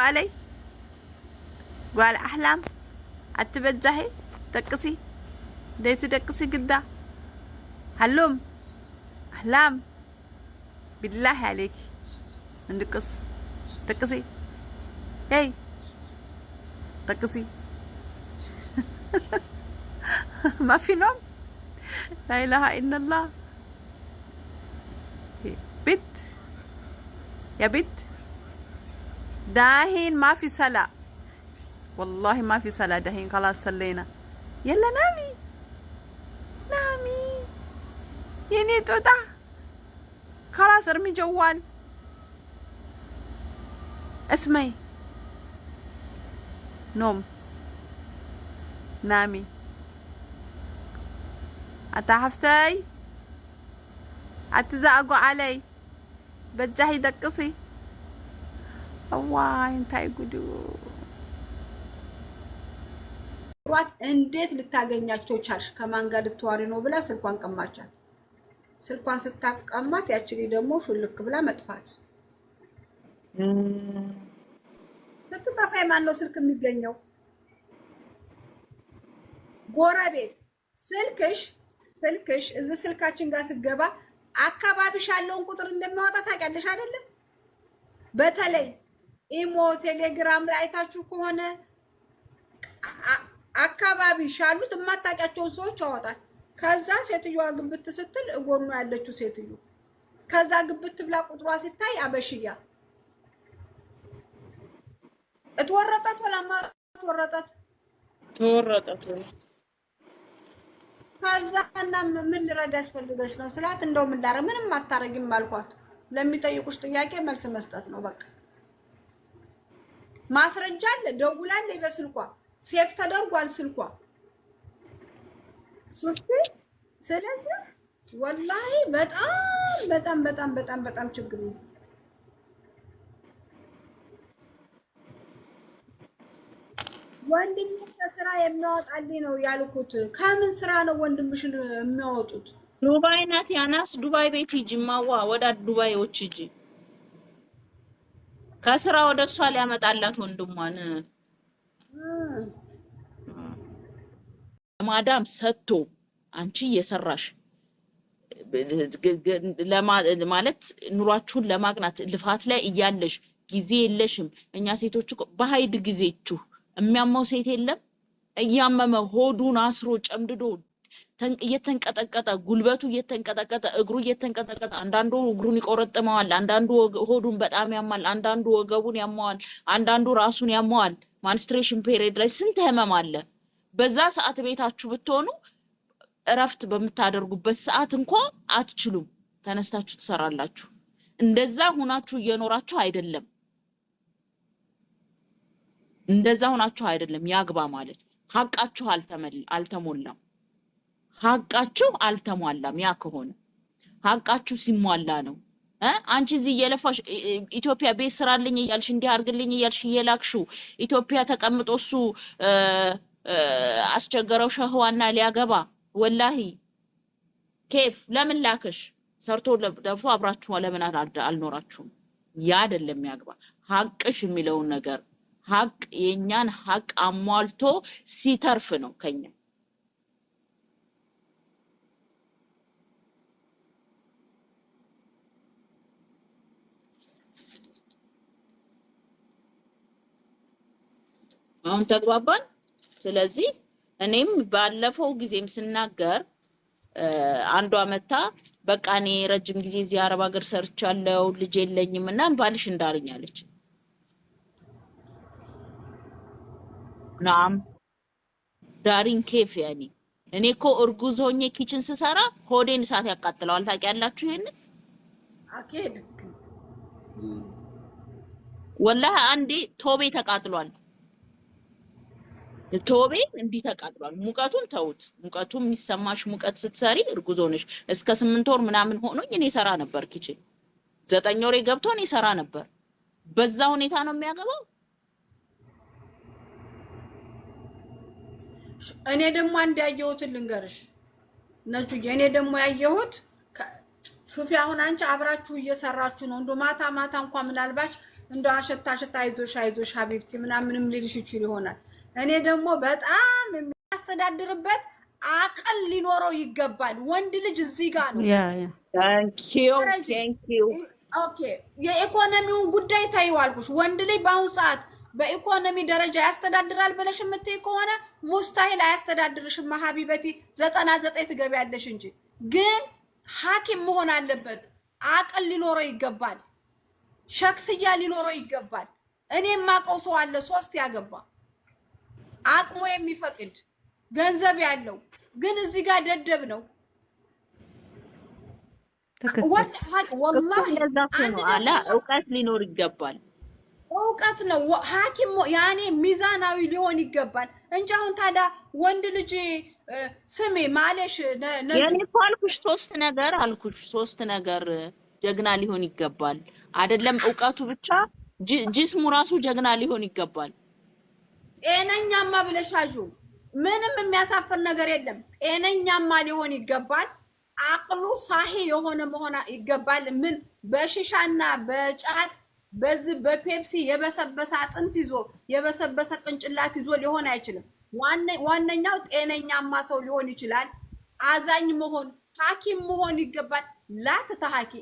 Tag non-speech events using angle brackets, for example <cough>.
علي قال أحلام زهي دقسي ديتي دقسي قدا هلوم أحلام بالله عليك دقس دقسي هي دقسي <laughs> ما في نوم لا إله إلا الله بت يا بت داهين ما في سلا والله ما في سلا داهين خلاص سلينا يلا نامي نامي يني توتا خلاص ارمي جوال اسمعي نوم نامي أتعفتي أتزعقوا علي بتجهي دقصي እዋይ እንታይ ጉዱ ሯት እንዴት ልታገኛቸው ቻልሽ? ከማን ጋር ልትዋሪ ነው ብላ ስልኳን ቀማቻት። ስልኳን ስታቀማት ያችሪ ደግሞ ሹልክ ብላ መጥፋት። ስትጠፋ የማን ነው ስልክ የሚገኘው? ጎረቤት ስልክሽ ስልክሽ እዚህ ስልካችን ጋር ስገባ አካባቢሽ ያለውን ቁጥር እንደሚያወጣ ታውቂያለሽ አይደለም? በተለይ ኢሞ፣ ቴሌግራም ላይ አይታችሁ ከሆነ አካባቢ ሻሉት የማታውቂያቸውን ሰዎች ያወጣል። ከዛ ሴትዮዋ ግብት ስትል እጎኗ ያለችው ሴትዮ ከዛ ግብት ብላ ቁጥሯ ሲታይ አበሽያ እትወረጠት ወላማ ትወረጠት ትወረጠት ከዛ እና ምን ልረዳሽ ፈልገሽ ነው ስላት፣ እንደው ምን ላረ ምንም አታረጊም አልኳት። ለሚጠይቁሽ ጥያቄ መልስ መስጠት ነው በቃ። ማስረጃ አለ። ደውላለች በስልኳ ሴፍ ተደርጓል ስልኳ ሹፍቲ። ስለዚህ ወላሂ በጣም በጣም በጣም በጣም በጣም ችግር ነው። ወንድም ከስራ የሚያወጣልኝ ነው ያልኩት። ከምን ስራ ነው ወንድምሽን የሚያወጡት? ዱባይ ናት ያናስ። ዱባይ ቤት ሂጂ፣ ማዋ ወደ ዱባዮች ሂጂ ከስራ ወደ እሷ ሊያመጣላት ወንድሟን ማዳም ሰጥቶ አንቺ እየሰራሽ ማለት ኑሯችሁን ለማቅናት ልፋት ላይ እያለሽ ጊዜ የለሽም። እኛ ሴቶች እኮ በሀይድ ጊዜችሁ የሚያመው ሴት የለም። እያመመ ሆዱን አስሮ ጨምድዶ እየተንቀጠቀጠ ጉልበቱ እየተንቀጠቀጠ እግሩ እየተንቀጠቀጠ አንዳንዱ እግሩን ይቆረጥመዋል፣ አንዳንዱ ሆዱን በጣም ያማል፣ አንዳንዱ ወገቡን ያማዋል፣ አንዳንዱ ራሱን ያማዋል። ማንስትሬሽን ፔሪድ ላይ ስንት ህመም አለ። በዛ ሰዓት ቤታችሁ ብትሆኑ እረፍት በምታደርጉበት ሰዓት እንኳ አትችሉም፣ ተነስታችሁ ትሰራላችሁ። እንደዛ ሁናችሁ እየኖራችሁ አይደለም፣ እንደዛ ሁናችሁ አይደለም። ያግባ ማለት ሀቃችሁ አልተሞላም። ሀቃችሁ አልተሟላም። ያ ከሆነ ሀቃችሁ ሲሟላ ነው። አንቺ እዚህ እየለፋሽ ኢትዮጵያ ቤት ስራልኝ እያልሽ እንዲህ አርግልኝ እያልሽ እየላክሽው ኢትዮጵያ ተቀምጦ እሱ አስቸገረው ሸህዋና ሊያገባ ወላሂ ኬፍ ለምን ላክሽ? ሰርቶ ለፍቶ አብራችሁ ለምን አልኖራችሁም? ያ አይደለም ያግባ ሀቅሽ የሚለውን ነገር ሀቅ የእኛን ሀቅ አሟልቶ ሲተርፍ ነው ከኛ አሁን ተግባባን። ስለዚህ እኔም ባለፈው ጊዜም ስናገር አንዷ መታ በቃ እኔ ረጅም ጊዜ እዚህ አረብ ሀገር ሰርቻለሁ ልጅ የለኝም እና ባልሽ እንዳለኝ አለች። ናም ዳሪን ኬፍ ያኒ እኔ እኮ እርጉዝ ሆኜ ኪችን ስሰራ ሆዴን እሳት ያቃጥለዋል። ታውቂያላችሁ ይሄንን ወላሂ አንዴ ቶቤ ተቃጥሏል። ቶቤ እንዲህ ተቃጥሏል። ሙቀቱን ተውት። ሙቀቱ የሚሰማሽ ሙቀት ስትሰሪ እርጉዞ ነሽ። እስከ ስምንት ወር ምናምን ሆኖኝ እኔ ሰራ ነበር ኪችን ዘጠኝ ወሬ ገብቶ እኔ ሰራ ነበር። በዛ ሁኔታ ነው የሚያገባው። እኔ ደግሞ አንድ ያየሁትን ልንገርሽ ነጁ፣ እኔ ደግሞ ያየሁት ሱፊ አሁን አንቺ አብራችሁ እየሰራችሁ ነው። እንዶ ማታ ማታ እንኳ ምናልባች እንደ አሸታ ሸታ አይዞሽ አይዞሽ ሀቢብቲ ምናምንም ሊልሽ ይችል ይሆናል እኔ ደግሞ በጣም የሚያስተዳድርበት አቅል ሊኖረው ይገባል። ወንድ ልጅ እዚህ ጋር ነው። የኢኮኖሚውን ጉዳይ ተይዋልኩሽ። ወንድ ልጅ በአሁኑ ሰዓት በኢኮኖሚ ደረጃ ያስተዳድራል ብለሽ የምትይ ከሆነ ሙስታሂል አያስተዳድርሽም። ሀቢበቲ ዘጠና ዘጠኝ ትገቢያለሽ እንጂ ግን ሐኪም መሆን አለበት። አቅል ሊኖረው ይገባል። ሸክስያ ሊኖረው ይገባል። እኔ የማውቀው ሰው አለ ሶስት ያገባ አቅሙ የሚፈቅድ ገንዘብ ያለው ግን እዚህ ጋር ደደብ ነው። እውቀት ሊኖር ይገባል። እውቀት ነው ሐኪም ያኔ ሚዛናዊ ሊሆን ይገባል እንጂ አሁን ታዲያ ወንድ ልጅ ስሜ ማለሽ አልኩሽ ሶስት ነገር አልኩሽ ሶስት ነገር ጀግና ሊሆን ይገባል። አይደለም እውቀቱ ብቻ ጅስሙ ራሱ ጀግና ሊሆን ይገባል። ጤነኛማ ብለሻሹ ምንም የሚያሳፍር ነገር የለም። ጤነኛማ ሊሆን ይገባል። አቅሉ ሳሂ የሆነ መሆን ይገባል። ምን በሽሻና በጫት በዚህ በፔፕሲ የበሰበሰ አጥንት ይዞ የበሰበሰ ቅንጭላት ይዞ ሊሆን አይችልም። ዋነኛው ጤነኛማ ሰው ሊሆን ይችላል። አዛኝ መሆን ሐኪም መሆን ይገባል። ላትተሐኪ